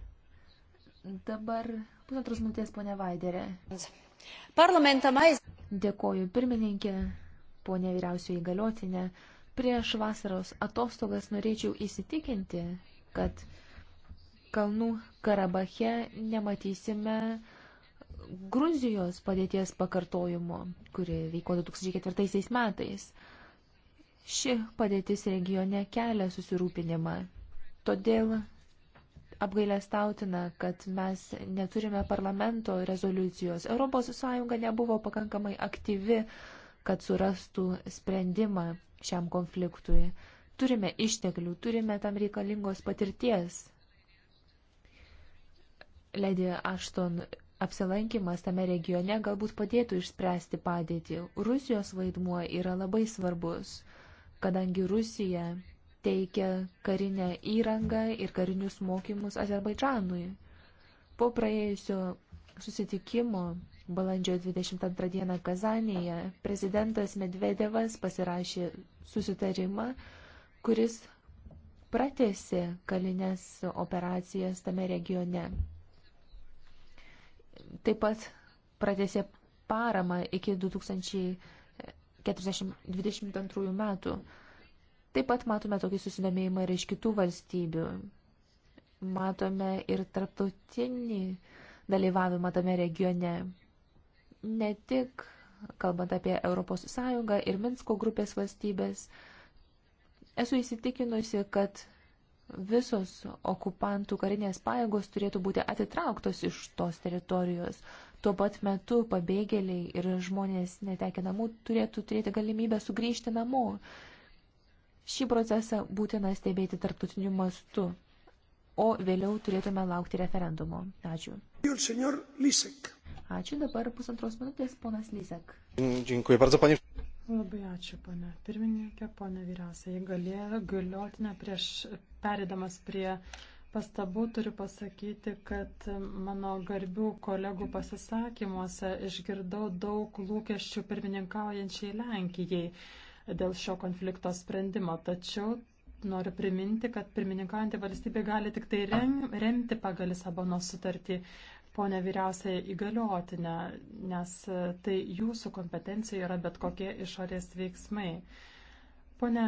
Dabar pusantros minties, ponė Vaiderė. Parlamentą mais. Dėkoju, pirmininkė ponė vyriausioji galiotinė, prieš vasaros atostogas norėčiau įsitikinti, kad Kalnų Karabache nematysime Gruzijos padėties pakartojimo, kuri vyko 2004 metais. Ši padėtis regione kelia susirūpinimą. Todėl apgailestautina, kad mes neturime parlamento rezoliucijos. ES nebuvo pakankamai aktyvi kad surastų sprendimą šiam konfliktui. Turime išteklių, turime tam reikalingos patirties. Lady Ashton apsilankimas tame regione galbūt padėtų išspręsti padėtį. Rusijos vaidmuo yra labai svarbus, kadangi Rusija teikia karinę įrangą ir karinius mokymus Azerbaidžanui. Po praėjusio susitikimo Balandžio 22 dieną Kazanėje prezidentas Medvedevas pasirašė susitarimą, kuris pratėsi kalinės operacijas tame regione. Taip pat pratėsi paramą iki 2022 metų. Taip pat matome tokį susidomėjimą ir iš kitų valstybių. Matome ir tarptautinį dalyvavimą tame regione ne tik kalbant apie ES ir Minsko grupės valstybės. Esu įsitikinusi, kad visos okupantų karinės pajėgos turėtų būti atitrauktos iš tos teritorijos. Tuo pat metu pabėgėliai ir žmonės netekę namų turėtų turėti galimybę sugrįžti namo. Šį procesą būtina stebėti tarptautiniu mastu, o vėliau turėtume laukti referendumo. Ačiū. Ačiū dabar pusantros minutės, ponas Lysek. Dziękuję bardzo, panie. Labai ačiū, ponė pirmininkė, ponė vyriausiai. Galėjo galiotinę prieš perėdamas prie pastabų turiu pasakyti, kad mano garbių kolegų pasisakymuose išgirdau daug lūkesčių pirmininkaujančiai Lenkijai dėl šio konflikto sprendimo. Tačiau noriu priminti, kad pirmininkaujantį valstybę gali tik tai remti pagal Lisabono sutartį ponę vyriausiąją įgaliotinę, nes e, tai jūsų kompetencija yra bet kokie išorės veiksmai. Pone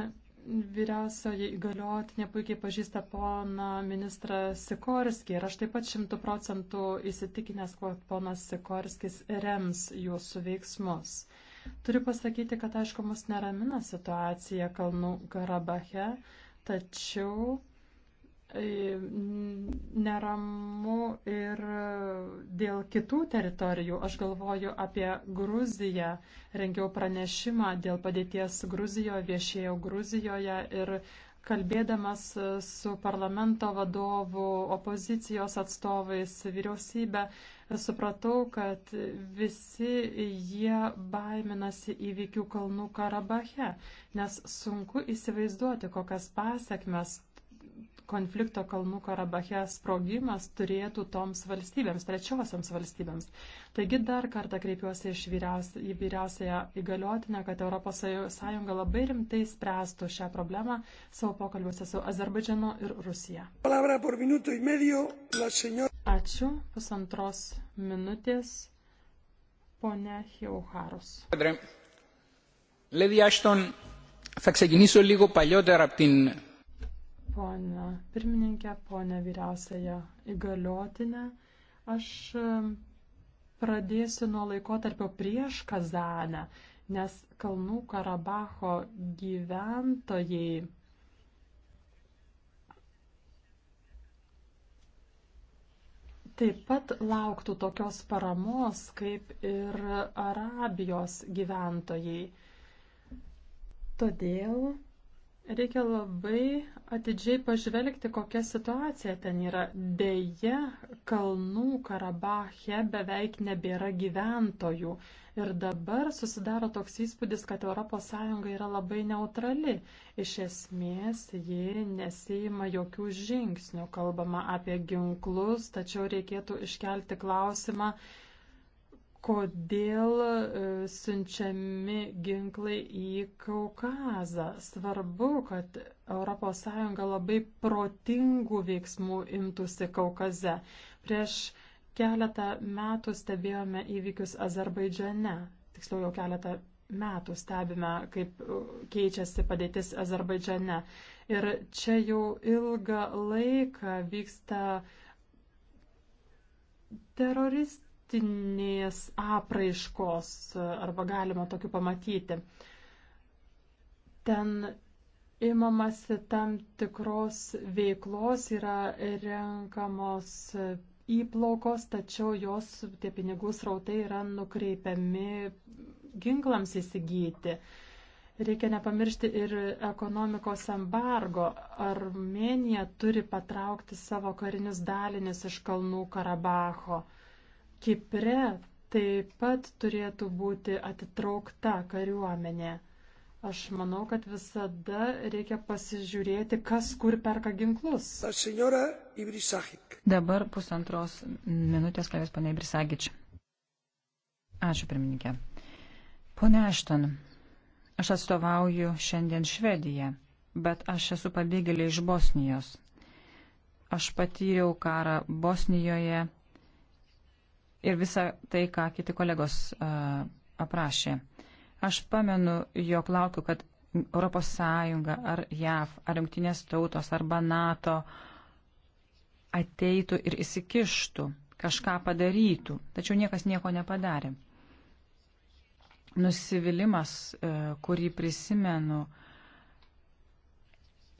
vyriausioji įgaliotinė puikiai pažįsta poną ministrą Sikorskį ir aš taip pat šimtų procentų įsitikinęs, kad ponas Sikorskis rems jūsų veiksmus. Turiu pasakyti, kad aišku, mus neramina situacija Kalnų Karabache, tačiau E, neramu ir dėl kitų teritorijų. Aš galvoju apie Gruziją, rengiau pranešimą dėl padėties Gruzijoje, viešėjau Gruzijoje ir kalbėdamas su parlamento vadovu, opozicijos atstovais, vyriausybė, supratau, kad visi jie baiminasi įvykių Kalnų Karabache, nes sunku įsivaizduoti, kokias pasiekmes konflikto Kalnų Karabache sprogimas turėtų toms valstybėms, trečiosiams valstybėms. Taigi dar kartą kreipiuosi iš vyriausia, į vyriausiąją įgaliotinę, kad ES labai rimtai spręstų šią problemą savo pokalbiuose su Azerbaidžianu ir Rusija. Ačiū pusantros minutės, ponia Hiauharus. Lady Ashton, θα ξεκινήσω λίγο παλιότερα από την ponė pirmininkė, ponė vyriausiaja įgaliotinė. Aš e, pradėsiu nuo laikotarpio prieš Kazanę, nes Kalnų Karabaho gyventojai taip pat lauktų tokios paramos, kaip ir Arabijos gyventojai. Todėl Reikia labai atidžiai pažvelgti, kokia situacija ten yra. Deja, kalnų Karabache beveik nebėra gyventojų. Ir dabar susidaro toks įspūdis, kad ES yra labai neutrali. Iš esmės, ji nesijima jokių žingsnių. Kalbama apie ginklus, tačiau reikėtų iškelti klausimą, kodėl e, siunčiami ginklai į Kaukazą. Svarbu, kad ES labai protingų veiksmų imtųsi Kaukaze. Prieš keletą metų stebėjome įvykius Azerbaidžiane. Tiksliau jau keletą metų stebime, kaip e, keičiasi padėtis Azerbaidžiane. Ir čia jau ilgą laiką vyksta terorist politinės apraiškos arba galima tokių pamatyti. Ten imamasi tam tikros veiklos, yra renkamos įplaukos, tačiau jos, tie pinigų srautai yra nukreipiami ginklams įsigyti. Reikia nepamiršti ir ekonomikos embargo. Armenija turi patraukti savo karinius dalinius iš Kalnų Karabacho. Kipre taip pat turėtų būti atitraukta kariuomenė. Aš manau, kad visada reikia pasižiūrėti, kas kur perka ginklus. Dabar pusantros minutės kalbės pana Ibrisagič. Ačiū, pirmininkė. Pone Ašton, aš atstovauju šiandien Švediją, bet aš esu pabėgėlė iš Bosnijos. Aš patyriau karą Bosnijoje ir visą tai, ką kiti kolegos uh, aprašė. Aš pamenu, jog laukiu, kad ES ar JAV ar Junktinės tautos arba NATO ateitų ir įsikištų, kažką padarytų, tačiau niekas nieko nepadarė. Nusivylimas, e, kurį prisimenu, uh,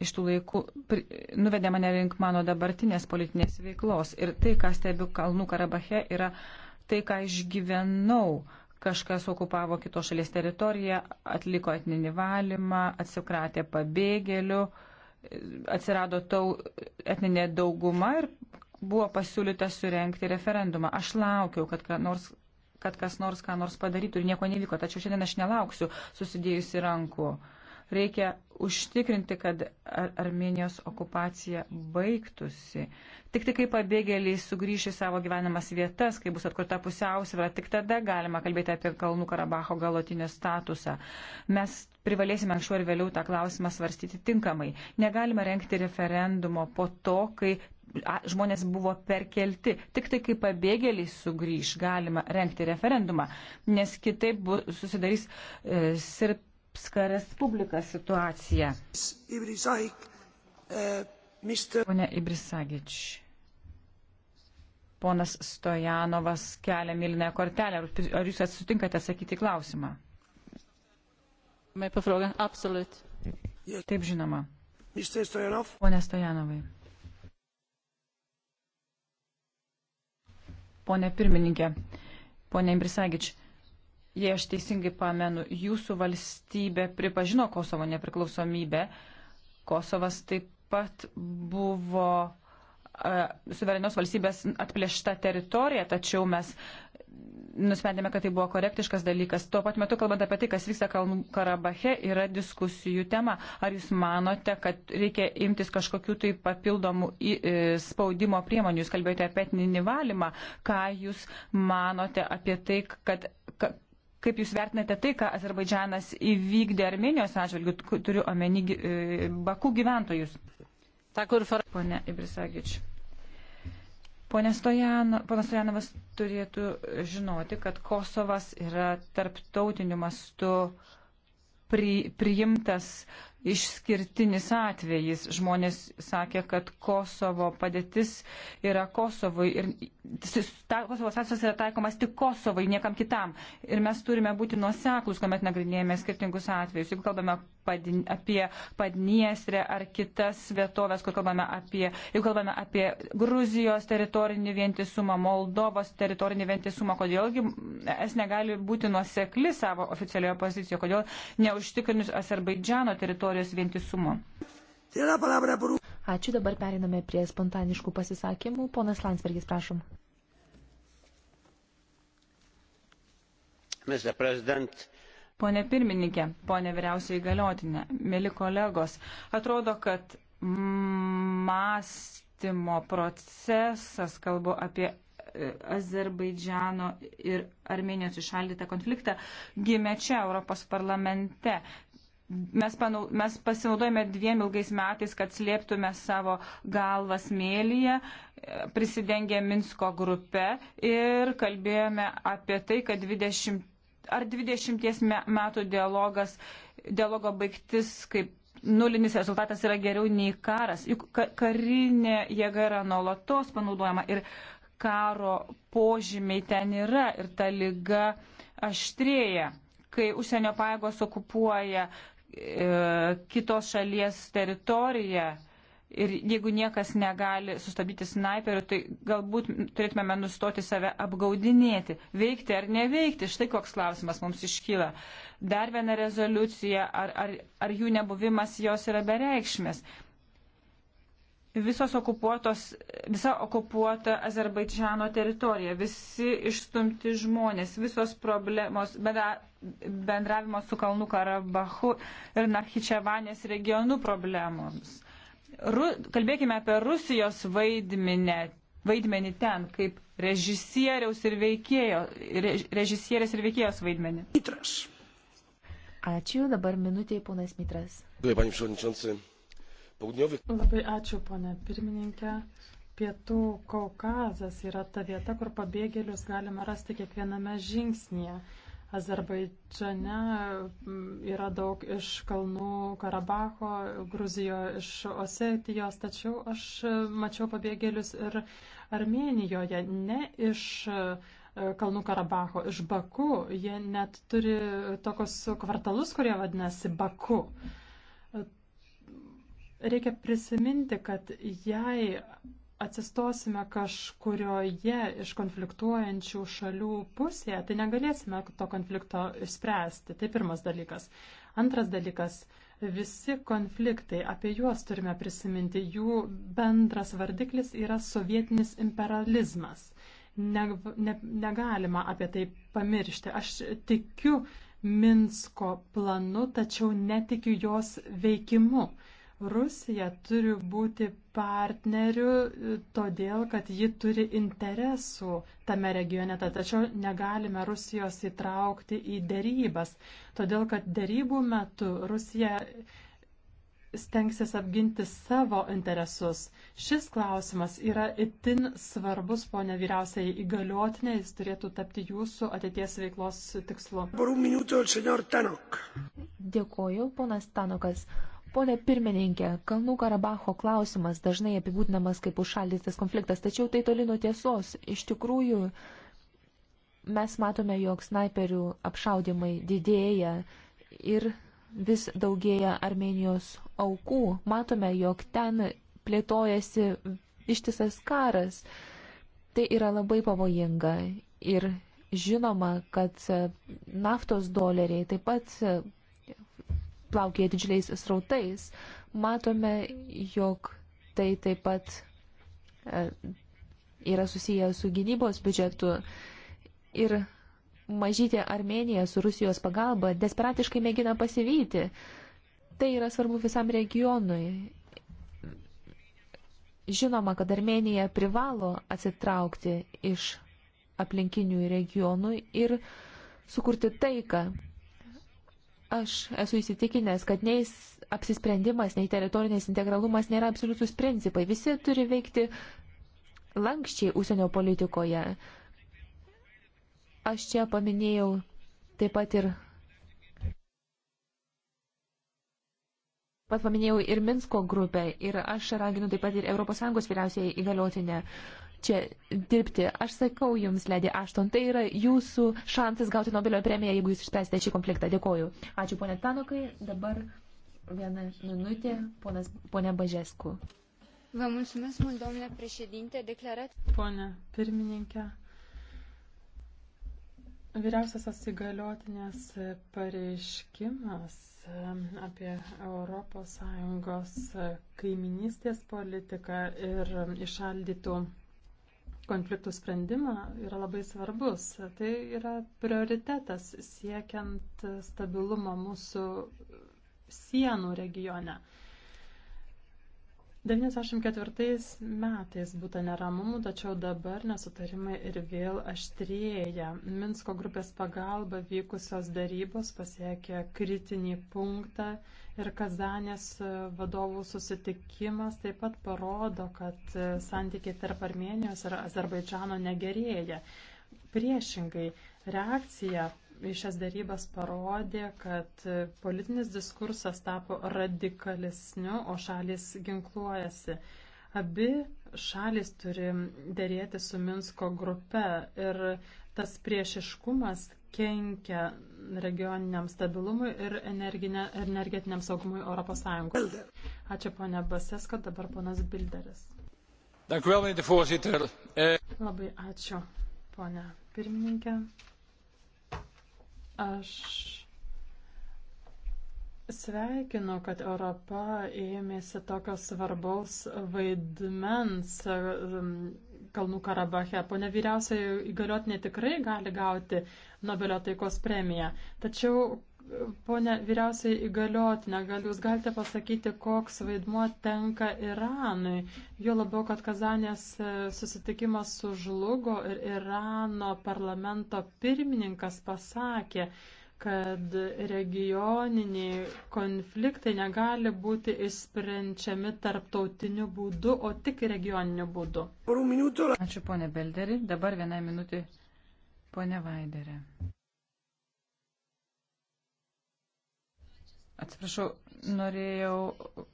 iš tų laikų pri, nuvedė mane link mano dabartinės politinės veiklos. Ir tai, ką stebiu Kalnų Karabache, yra tai, ką išgyvenau. Kažkas okupavo kitos šalies teritoriją, atliko etninį valymą, atsikratė pabėgėlių, atsirado tau etninė dauguma ir buvo pasiūlyta surenkti referendumą. Aš laukiau, kad ką nors kad kas nors ką nors padarytų ir nieko nevyko, tačiau šiandien aš nelauksiu susidėjusi rankų. Uh, Reikia užtikrinti, kad Ar Armenijos okupacija baigtųsi. Tik tik kai pabėgėliai sugrįš į savo gyvenamas vietas, kai bus atkurta pusiausvėra, tik tada galima kalbėti apie Kalnų Karabacho galutinį statusą. Mes privalėsime anksčiau ir vėliau tą klausimą svarstyti tinkamai. Negalima renkti referendumo po to, kai žmonės buvo perkelti. Tik tai, kai pabėgėliai sugrįž, galima renkti referendumą, nes kitaip susidarys e, sirp Srpska Respublika situacija. E, pone Ibrisagič. Ponas Stojanovas kelia milinę kortelę. Ar jūs sutinkate sakyti klausimą? Taip žinoma. Pone Stojanovai. Pone pirmininkė, pone Imbrisagič, jei aš teisingai pamenu, jūsų valstybė pripažino Kosovo nepriklausomybę. Kosovas taip pat buvo uh, suverenios valstybės atplėšta teritorija, tačiau mes nusprendėme, kad tai buvo korektiškas dalykas. Tuo pat metu, kalbant apie tai, kas vyksta Kalnų Karabache, yra diskusijų tema. Ar jūs manote, kad reikia imtis kažkokių tai papildomų e, spaudimo priemonių? Jūs kalbėjote apie etninį valymą. Ką jūs manote apie tai, kad, kad Kaip Jūs vertinate tai, ką Azerbaidžianas įvykdė Armenijos atžvilgių, turiu omeny e, Bakų gyventojus? Ta, kur for... Pone Ibrisagič. Pone Stojano, ponas Stojanovas turėtų žinoti, kad Kosovas yra tarptautiniu mastu pri, priimtas išskirtinis atvejis. Žmonės sakė, kad Kosovo padėtis yra Kosovui ir ta, Kosovo statusas yra taikomas tik Kosovui, niekam kitam. Ir mes turime būti nuoseklus, kuomet nagrinėjame skirtingus atvejus. Jeigu kalbame padin, apie Padniestrę ar kitas vietovės, kur kalbame apie, jeigu kalbame apie Gruzijos teritorinį vientisumą, Moldovos teritorinį vientisumą, kodėlgi es negali būti nuosekli savo oficialioje pozicijoje, kodėl neužtikrinus Azerbaidžiano teritoriją teritorijos vientisumo. Tai Ačiū, dabar periname prie spontaniškų pasisakymų. Ponas Landsbergis, prašom. Pone pirmininkė, pone vyriausiai galiotinė, mėly kolegos, atrodo, kad mąstymo procesas, kalbu apie e, Azerbaidžiano ir Armenijos išaldytą konfliktą, gimė čia Europos parlamente. Mes, panau, mes pasinaudojame dviem ilgais metais, kad slėptume savo galvą smėlyje, prisidengė Minsko grupe ir kalbėjome apie tai, kad 20, ar 20 metų dialogas, dialogo baigtis kaip nulinis rezultatas yra geriau nei karas. Juk karinė jėga yra nuolatos panaudojama ir karo požymiai ten yra ir ta lyga aštrėja, kai užsienio paėgos okupuoja E, kitos šalies teritoriją ir jeigu niekas negali sustabdyti snaiperių, tai galbūt turėtume nustoti save apgaudinėti, veikti ar neveikti. Štai koks klausimas mums iškyla. Dar viena rezoliucija, ar, ar, ar jų nebuvimas jos yra bereikšmės visos okupuotos, visa okupuota Azerbaidžiano teritorija, visi išstumti žmonės, visos problemos bendra, bendravimo su Kalnų Karabahu ir Nachičevanės regionų problemoms. Ru, kalbėkime apie Rusijos vaidminę, vaidmenį ten, kaip režisieriaus ir veikėjo, rež, režisierės ir veikėjos vaidmenį. Mitras. Ačiū, dabar minutė, ponas Mitras. Dėkui, panie południowy. Labai ačiū, ponė pirmininkė. Pietų Kaukazas yra ta vieta, kur pabėgėlius galima rasti kiekviename žingsnėje. Azerbaidžane yra daug iš kalnų Karabaho, Gruzijoje iš Osetijos, tačiau aš mačiau pabėgėlius ir Armenijoje, ne iš e, kalnų Karabaho, iš Baku. Jie net turi tokius kvartalus, kurie vadinasi Baku. Mm. Reikia prisiminti, kad jei atsistosime kažkurioje iš konfliktuojančių šalių pusėje, tai negalėsime to konflikto išspręsti. Tai pirmas dalykas. Antras dalykas - visi konfliktai, apie juos turime prisiminti, jų bendras vardiklis yra sovietinis imperializmas. Ne, ne, negalima apie tai pamiršti. Aš tikiu Minsko planu, tačiau netikiu jos veikimu. Rusija turi būti partneriu e, todėl, kad ji turi interesų tame regione, tačiau negalime Rusijos įtraukti į dėrybas, todėl kad dėrybų metu Rusija stengsis apginti savo interesus. Šis klausimas yra itin svarbus, ponia vyriausiai įgaliotinė, jis turėtų tapti jūsų ateities veiklos tikslu. Minuto, Dėkoju, ponas Tanokas. Pone pirmininkė, Kalnų Karabaho klausimas dažnai apibūdinamas kaip užšaldytas konfliktas, tačiau tai toli nuo tiesos. Iš tikrųjų, mes matome, jog snaiperių apšaudimai didėja ir vis daugėja Armenijos aukų. Matome, jog ten plėtojasi ištisas karas. Tai yra labai pavojinga ir žinoma, kad naftos doleriai taip pat plaukėja didžiuliais srautais. Matome, jog tai taip pat e, yra susiję su gynybos biudžetu. Ir mažytė Armenija su Rusijos pagalba desperatiškai mėgina pasivyti. Tai yra svarbu visam regionui. Žinoma, kad Armenija privalo atsitraukti iš aplinkinių regionų ir sukurti taiką. Aš esu įsitikinęs, kad nei apsisprendimas, nei teritorinės integralumas nėra absoliutus principai. Visi turi veikti lankščiai užsienio politikoje. Aš čia paminėjau taip pat ir pat paminėjau ir Minsko grupę ir aš raginu taip pat ir ES vyriausiai įgaliotinę čia dirbti. Aš sakau jums, Ledi Ašton, tai yra jūsų šansas gauti Nobelio premiją, jeigu jūs išspręsite šį konfliktą. Dėkoju. Ačiū, ponė Tanokai. Dabar viena minutė, ponas, ponė Bažesku. Vă mulțumesc mult, domnule președinte, declarat... Pone pirmininkė, Vyriausiasis įgaliotinės pareiškimas apie ES kaiminystės politiką ir išaldytų konfliktų sprendimą yra labai svarbus. Tai yra prioritetas siekiant stabilumo mūsų sienų regione. 94 metais būta neramumų, tačiau dabar nesutarimai ir vėl aštrėja. Minsko grupės pagalba vykusios darybos pasiekė kritinį punktą ir Kazanės vadovų susitikimas taip pat parodo, kad santykiai tarp Armenijos ir Azerbaidžano negerėja. Priešingai, reakcija šias darybas parodė, kad politinis diskursas tapo radikalesniu, o šalis ginkluojasi. Abi šalis turi dėrėti su Minsko grupe ir tas priešiškumas kenkia regioniniam stabilumui ir energetiniam saugumui Europos Sąjungos. Ačiū ponia Baseska, dabar ponas Bilderis. Dank u wel, meneer de voorzitter. Eh... Labai ačiū, ponia pirmininkė. Aš Sveikinu, kad Europa ėmėsi tokios svarbaus vaidmens um, Kalnų Karabache. Pone vyriausiai įgaliotinė tikrai gali gauti Nobelio taikos premiją. Tačiau Pone vyriausiai įgaliotinė, gal jūs galite pasakyti, koks vaidmuo tenka Iranui? Jo labiau, kad Kazanės e, susitikimas sužlugo ir Irano parlamento pirmininkas pasakė, kad regioniniai konfliktai negali būti išsprendžiami tarptautiniu būdu, o tik regioniniu būdu. Ačiū, ponė Belderi. Dabar vieną minutį, ponė Vaiderė. Atsiprašau, norėjau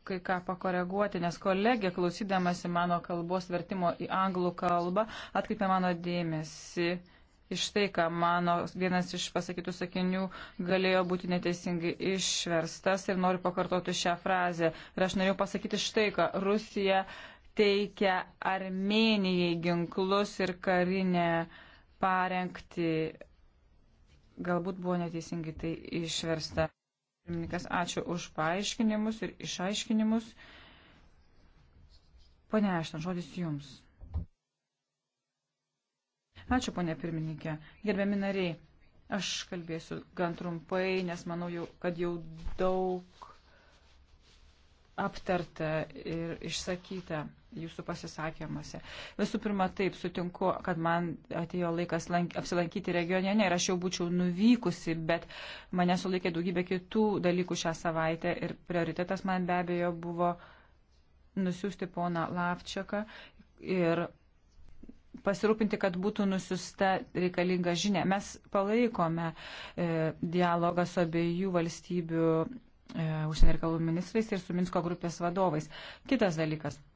kai ką pakoreguoti, nes kolegė, klausydamasi mano kalbos vertimo į anglų kalbą, atkreipė mano dėmesį iš tai, ką mano vienas iš pasakytų sakinių galėjo būti neteisingai išverstas ir noriu pakartoti šią frazę. Ir aš norėjau pasakyti štai, ką Rusija teikia Armenijai ginklus ir karinę parengti. Galbūt buvo neteisingai tai išversta. Pirmininkas, ačiū už paaiškinimus ir išaiškinimus. Pone Ešton, žodis jums. Ačiū, ponė pirmininkė. Gerbiami nariai, aš kalbėsiu gan trumpai, nes manau, jau, kad jau daug aptarta ir išsakyta jūsų pasisakymuose. Visų pirma, taip, sutinku, kad man atėjo laikas lank, apsilankyti regione ir aš jau būčiau nuvykusi, bet mane sulaikė daugybė kitų dalykų šią savaitę ir prioritetas man be abejo buvo nusiųsti poną Lavčiaką ir pasirūpinti, kad būtų nusiusta reikalinga žinia. Mes palaikome e, dialogą su abiejų valstybių e, užsienio reikalų ministrais ir su Minsko grupės vadovais. Kitas dalykas –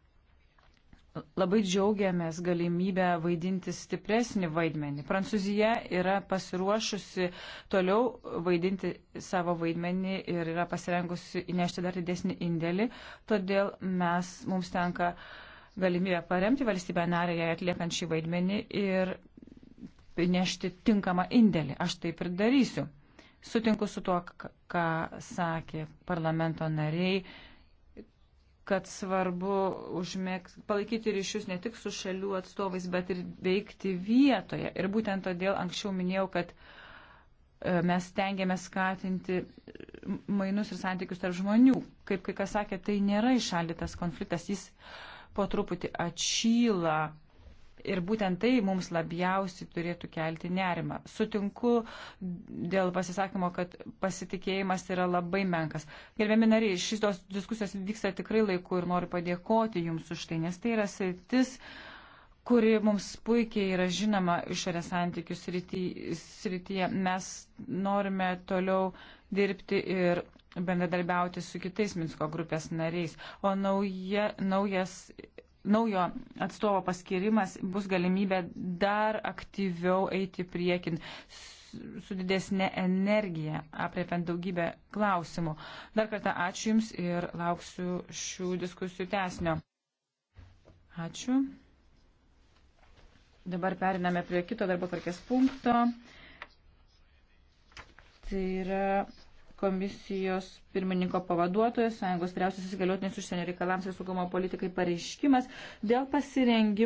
Labai džiaugiamės galimybę vaidinti stipresnį vaidmenį. Prancūzija yra pasiruošusi toliau vaidinti savo vaidmenį ir yra pasirengusi įnešti dar didesnį indėlį. Todėl mes, mums tenka galimybę paremti valstybę narę, jai atliekant šį vaidmenį ir įnešti tinkamą indėlį. Aš taip ir darysiu. Sutinku su tuo, ką sakė parlamento nariai kad svarbu užmėg, palaikyti ryšius ne tik su šalių atstovais, bet ir veikti vietoje. Ir būtent todėl anksčiau minėjau, kad e, mes tengiamės skatinti mainus ir santykius tarp žmonių. Kaip kai kas sakė, tai nėra išalytas konfliktas, jis po truputį atšyla Ir būtent tai mums labiausiai turėtų kelti nerimą. Sutinku dėl pasisakymo, kad pasitikėjimas yra labai menkas. Gerbėmi nariai, šitos diskusijos vyksta tikrai laiku ir noriu padėkoti Jums už tai, nes tai yra sritis, kuri mums puikiai yra žinoma išorės santykių srityje. Mes norime toliau dirbti ir bendradarbiauti su kitais Minsko grupės nariais. O nauja, naujas naujo atstovo paskirimas bus galimybė dar aktyviau eiti priekin su didesnė energija, apriepiant daugybę klausimų. Dar kartą ačiū Jums ir lauksiu šių diskusijų tesnio. Ačiū. Dabar periname prie kito darbo tvarkės punkto. Tai yra komisijos pirmininko pavaduotojas, Sąjungos vyriausiasis įgaliotinis užsienio reikalams ir saugumo politikai pareiškimas dėl pasirengimo